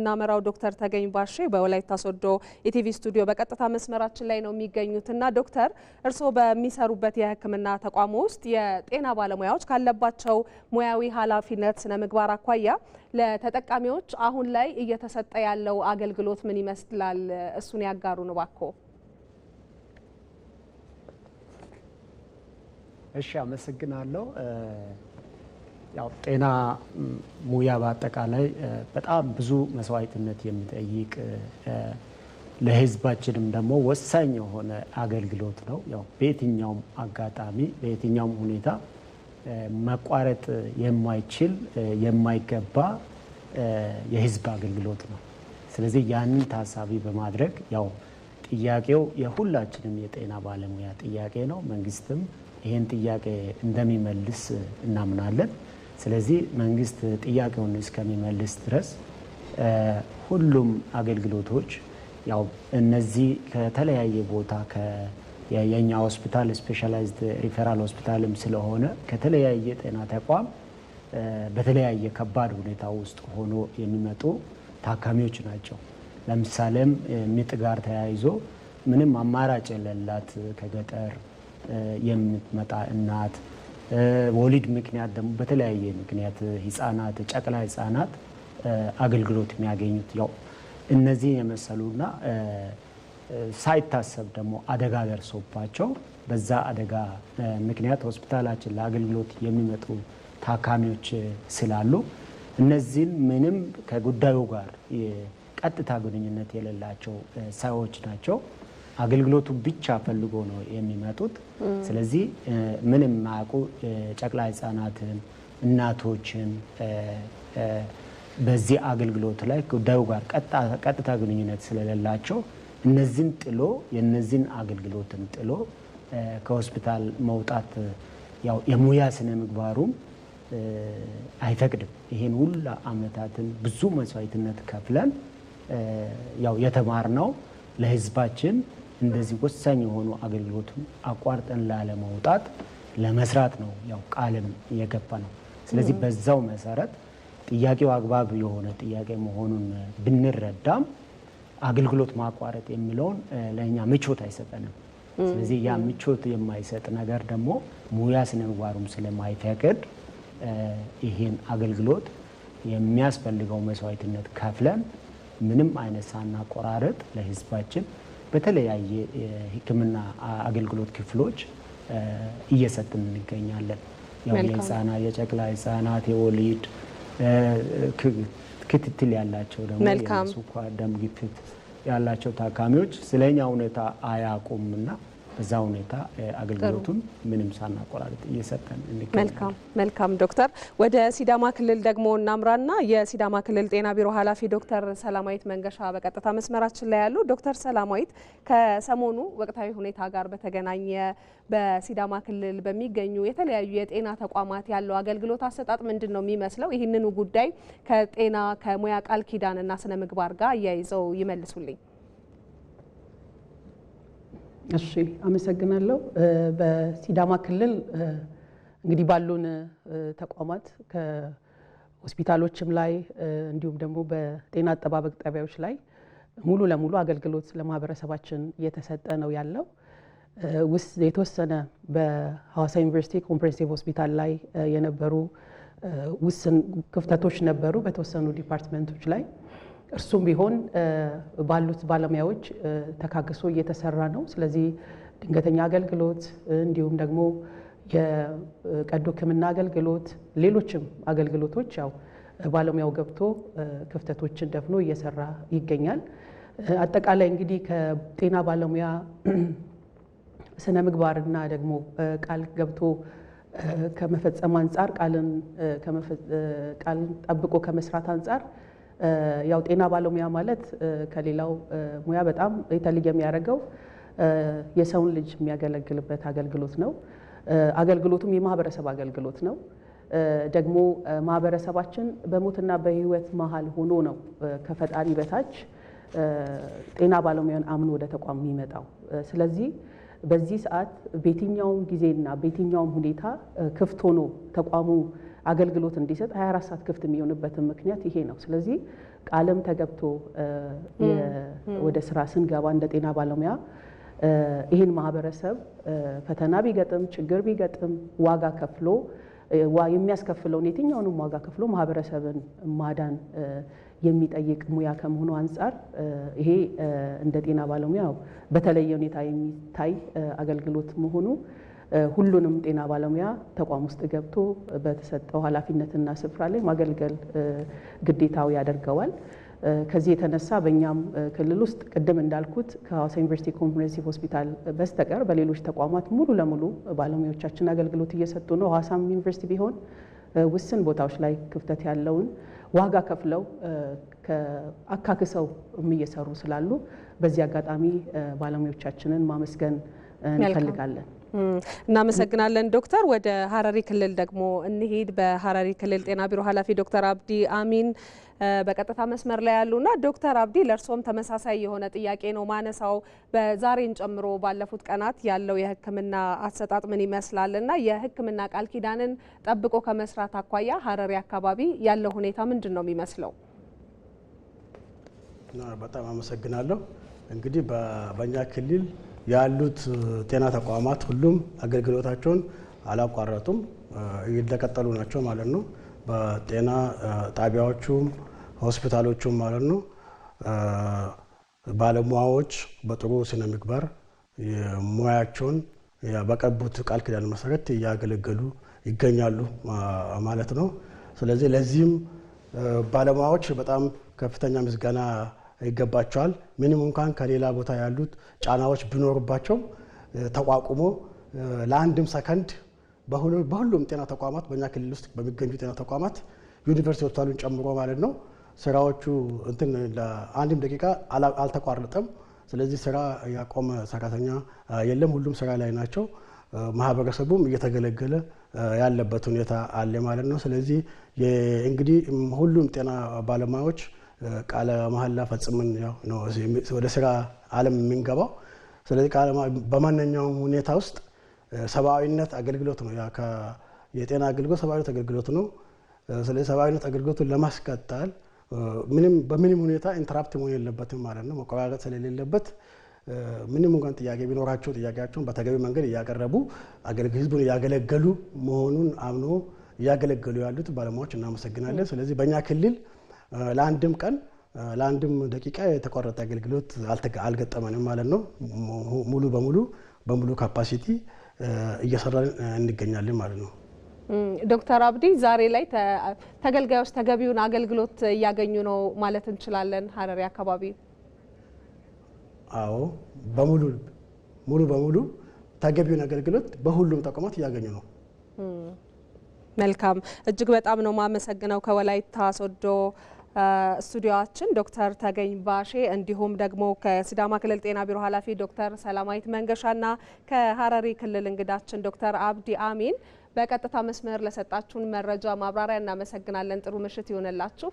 የምናመራው ዶክተር ተገኝ ባሼ በወላይታ ሶዶ ኢቲቪ ስቱዲዮ በቀጥታ መስመራችን ላይ ነው የሚገኙትና ዶክተር እርስዎ በሚሰሩበት የሕክምና ተቋም ውስጥ የጤና ባለሙያዎች ካለባቸው ሙያዊ ኃላፊነት ስነ ምግባር አኳያ ለተጠቃሚዎች አሁን ላይ እየተሰጠ ያለው አገልግሎት ምን ይመስላል? እሱን ያጋሩ እባክዎ። እሺ፣ አመሰግናለሁ። ያው ጤና ሙያ በአጠቃላይ በጣም ብዙ መስዋዕትነት የሚጠይቅ ለህዝባችንም ደግሞ ወሳኝ የሆነ አገልግሎት ነው። ያው በየትኛውም አጋጣሚ በየትኛውም ሁኔታ መቋረጥ የማይችል የማይገባ የህዝብ አገልግሎት ነው። ስለዚህ ያንን ታሳቢ በማድረግ ያው ጥያቄው የሁላችንም የጤና ባለሙያ ጥያቄ ነው። መንግስትም ይህን ጥያቄ እንደሚመልስ እናምናለን። ስለዚህ መንግስት ጥያቄውን እስከሚመልስ ድረስ ሁሉም አገልግሎቶች ያው እነዚህ ከተለያየ ቦታ የእኛ ሆስፒታል ስፔሻላይዝድ ሪፈራል ሆስፒታልም ስለሆነ ከተለያየ ጤና ተቋም በተለያየ ከባድ ሁኔታ ውስጥ ሆኖ የሚመጡ ታካሚዎች ናቸው። ለምሳሌም ምጥ ጋር ተያይዞ ምንም አማራጭ የሌላት ከገጠር የምትመጣ እናት ወሊድ ምክንያት ደግሞ በተለያየ ምክንያት ህጻናት፣ ጨቅላ ህጻናት አገልግሎት የሚያገኙት ያው እነዚህ የመሰሉና ሳይታሰብ ደግሞ አደጋ ደርሶባቸው በዛ አደጋ ምክንያት ሆስፒታላችን ለአገልግሎት የሚመጡ ታካሚዎች ስላሉ እነዚህም ምንም ከጉዳዩ ጋር ቀጥታ ግንኙነት የሌላቸው ሰዎች ናቸው። አገልግሎቱ ብቻ ፈልጎ ነው የሚመጡት። ስለዚህ ምንም ማቁ ጨቅላ ህጻናትን፣ እናቶችን በዚህ አገልግሎት ላይ ጉዳዩ ጋር ቀጥታ ግንኙነት ስለሌላቸው እነዚህን ጥሎ የነዚህን አገልግሎትን ጥሎ ከሆስፒታል መውጣት ያው የሙያ ስነ ምግባሩም አይፈቅድም። ይሄን ሁላ አመታትን ብዙ መስዋዕትነት ከፍለን ያው የተማርነው ለህዝባችን እንደዚህ ወሳኝ የሆኑ አገልግሎቱን አቋርጠን ላለመውጣት ለመስራት ነው ያው ቃልም የገባ ነው። ስለዚህ በዛው መሰረት ጥያቄው አግባብ የሆነ ጥያቄ መሆኑን ብንረዳም አገልግሎት ማቋረጥ የሚለውን ለእኛ ምቾት አይሰጠንም። ስለዚህ ያ ምቾት የማይሰጥ ነገር ደግሞ ሙያ ስነ ምግባሩም ስለማይፈቅድ ይህን አገልግሎት የሚያስፈልገው መስዋዕትነት ከፍለን ምንም አይነት ሳናቆራረጥ ለህዝባችን በተለያየ የህክምና አገልግሎት ክፍሎች እየሰጥን እንገኛለን። የህፃናት፣ የጨቅላ ህፃናት፣ የወሊድ ክትትል ያላቸው ደግሞ የስኳር ደም ግፊት ያላቸው ታካሚዎች ስለኛ ሁኔታ አያቁምና በዛ ሁኔታ አገልግሎቱን ምንም ሳናቆራርጥ እየሰጠን እንገኛለን። መልካም ዶክተር ወደ ሲዳማ ክልል ደግሞ እናምራና የሲዳማ ክልል ጤና ቢሮ ኃላፊ ዶክተር ሰላማዊት መንገሻ በቀጥታ መስመራችን ላይ ያሉ ዶክተር ሰላማዊት ከሰሞኑ ወቅታዊ ሁኔታ ጋር በተገናኘ በሲዳማ ክልል በሚገኙ የተለያዩ የጤና ተቋማት ያለው አገልግሎት አሰጣጥ ምንድን ነው የሚመስለው ይህንኑ ጉዳይ ከጤና ከሙያ ቃል ኪዳንና ስነ ምግባር ጋር አያይዘው ይመልሱልኝ እሺ አመሰግናለሁ። በሲዳማ ክልል እንግዲህ ባሉን ተቋማት ከሆስፒታሎችም ላይ እንዲሁም ደግሞ በጤና አጠባበቅ ጣቢያዎች ላይ ሙሉ ለሙሉ አገልግሎት ለማህበረሰባችን እየተሰጠ ነው ያለው። ውስጥ የተወሰነ በሐዋሳ ዩኒቨርሲቲ ኮምፕሬሄንሲቭ ሆስፒታል ላይ የነበሩ ውስን ክፍተቶች ነበሩ በተወሰኑ ዲፓርትመንቶች ላይ እርሱም ቢሆን ባሉት ባለሙያዎች ተካክሶ እየተሰራ ነው። ስለዚህ ድንገተኛ አገልግሎት እንዲሁም ደግሞ የቀዶ ሕክምና አገልግሎት፣ ሌሎችም አገልግሎቶች ያው ባለሙያው ገብቶ ክፍተቶችን ደፍኖ እየሰራ ይገኛል። አጠቃላይ እንግዲህ ከጤና ባለሙያ ስነ ምግባርና ደግሞ ቃል ገብቶ ከመፈጸም አንጻር ቃልን ጠብቆ ከመስራት አንጻር ያው ጤና ባለሙያ ማለት ከሌላው ሙያ በጣም የተለየ የሚያደርገው የሰውን ልጅ የሚያገለግልበት አገልግሎት ነው። አገልግሎቱም የማህበረሰብ አገልግሎት ነው። ደግሞ ማህበረሰባችን በሞትና በህይወት መሀል ሆኖ ነው ከፈጣሪ በታች ጤና ባለሙያን አምኖ ወደ ተቋም የሚመጣው። ስለዚህ በዚህ ሰዓት በየትኛውም ጊዜና በየትኛውም ሁኔታ ክፍት ሆኖ ተቋሙ አገልግሎት እንዲሰጥ 24 ሰዓት ክፍት የሚሆንበትን ምክንያት ይሄ ነው። ስለዚህ ቃልም ተገብቶ ወደ ስራ ስንገባ እንደ ጤና ባለሙያ ይህን ማህበረሰብ ፈተና ቢገጥም ችግር ቢገጥም ዋጋ ከፍሎ የሚያስከፍለውን የትኛውንም ዋጋ ከፍሎ ማህበረሰብን ማዳን የሚጠይቅ ሙያ ከመሆኑ አንጻር ይሄ እንደ ጤና ባለሙያ በተለየ ሁኔታ የሚታይ አገልግሎት መሆኑ ሁሉንም ጤና ባለሙያ ተቋም ውስጥ ገብቶ በተሰጠው ኃላፊነትና ስፍራ ላይ ማገልገል ግዴታው ያደርገዋል። ከዚህ የተነሳ በእኛም ክልል ውስጥ ቅድም እንዳልኩት ከሀዋሳ ዩኒቨርሲቲ ኮምፕሬሄንሲቭ ሆስፒታል በስተቀር በሌሎች ተቋማት ሙሉ ለሙሉ ባለሙያዎቻችን አገልግሎት እየሰጡ ነው። ሀዋሳም ዩኒቨርሲቲ ቢሆን ውስን ቦታዎች ላይ ክፍተት ያለውን ዋጋ ከፍለው አካክሰው እየሰሩ ስላሉ በዚህ አጋጣሚ ባለሙያዎቻችንን ማመስገን እንፈልጋለን። እናመሰግናለን ዶክተር። ወደ ሀረሪ ክልል ደግሞ እንሄድ በሀረሪ ክልል ጤና ቢሮ ኃላፊ ዶክተር አብዲ አሚን በቀጥታ መስመር ላይ ያሉና ዶክተር አብዲ ለእርስዎም ተመሳሳይ የሆነ ጥያቄ ነው ማነሳው። በዛሬን ጨምሮ ባለፉት ቀናት ያለው የሕክምና አሰጣጥ ምን ይመስላል እና የሕክምና ቃል ኪዳንን ጠብቆ ከመስራት አኳያ ሀረሪ አካባቢ ያለው ሁኔታ ምንድን ነው የሚመስለው? በጣም አመሰግናለሁ። እንግዲህ በኛ ክልል ያሉት ጤና ተቋማት ሁሉም አገልግሎታቸውን አላቋረጡም፣ እየተቀጠሉ ናቸው ማለት ነው። በጤና ጣቢያዎቹም ሆስፒታሎቹም ማለት ነው ባለሙያዎች በጥሩ ስነ ምግባር ሙያቸውን በቀቡት ቃል ኪዳን መሰረት እያገለገሉ ይገኛሉ ማለት ነው። ስለዚህ ለዚህም ባለሙያዎች በጣም ከፍተኛ ምስጋና ይገባቸዋል። ምንም እንኳን ከሌላ ቦታ ያሉት ጫናዎች ቢኖሩባቸውም ተቋቁሞ ለአንድም ሰከንድ በሁሉም ጤና ተቋማት በእኛ ክልል ውስጥ በሚገኙ ጤና ተቋማት ዩኒቨርሲቲ ሆስፒታሉን ጨምሮ ማለት ነው ስራዎቹ እንትን ለአንድም ደቂቃ አልተቋረጠም። ስለዚህ ስራ ያቆመ ሰራተኛ የለም። ሁሉም ስራ ላይ ናቸው። ማህበረሰቡም እየተገለገለ ያለበት ሁኔታ አለ ማለት ነው። ስለዚህ እንግዲህ ሁሉም ጤና ባለሙያዎች ቃለ መሀላ ፈጽምን ነው ወደ ስራ አለም የምንገባው። ስለዚህ በማንኛውም ሁኔታ ውስጥ ሰብአዊነት አገልግሎት ነው። የጤና አገልግሎት ሰብአዊነት አገልግሎት ነው። ስለዚህ ሰብአዊነት አገልግሎቱን ለማስቀጠል በምንም ሁኔታ ኢንተራፕት መሆን የለበትም ማለት ነው። መቆራረጥ ስለሌለበት ምንም እንኳን ጥያቄ ቢኖራቸው ጥያቄያቸውን በተገቢ መንገድ እያቀረቡ ህዝቡን እያገለገሉ መሆኑን አምኖ እያገለገሉ ያሉት ባለሙያዎች እናመሰግናለን። ስለዚህ በእኛ ክልል ለአንድም ቀን ለአንድም ደቂቃ የተቋረጠ አገልግሎት አልገጠመንም ማለት ነው። ሙሉ በሙሉ በሙሉ ካፓሲቲ እየሰራን እንገኛለን ማለት ነው። ዶክተር አብዲ ዛሬ ላይ ተገልጋዮች ተገቢውን አገልግሎት እያገኙ ነው ማለት እንችላለን ሀረሪ አካባቢ? አዎ በሙሉ ሙሉ በሙሉ ተገቢውን አገልግሎት በሁሉም ተቋማት እያገኙ ነው። መልካም እጅግ በጣም ነው ማመሰግነው ከወላይታ ሶዶ ስቱዲዮችን ዶክተር ተገኝ ባሼ እንዲሁም ደግሞ ከሲዳማ ክልል ጤና ቢሮ ኃላፊ ዶክተር ሰላማዊት መንገሻና ከሀረሪ ክልል እንግዳችን ዶክተር አብዲ አሚን በቀጥታ መስመር ለሰጣችሁን መረጃ ማብራሪያ እናመሰግናለን። ጥሩ ምሽት ይሆንላችሁ።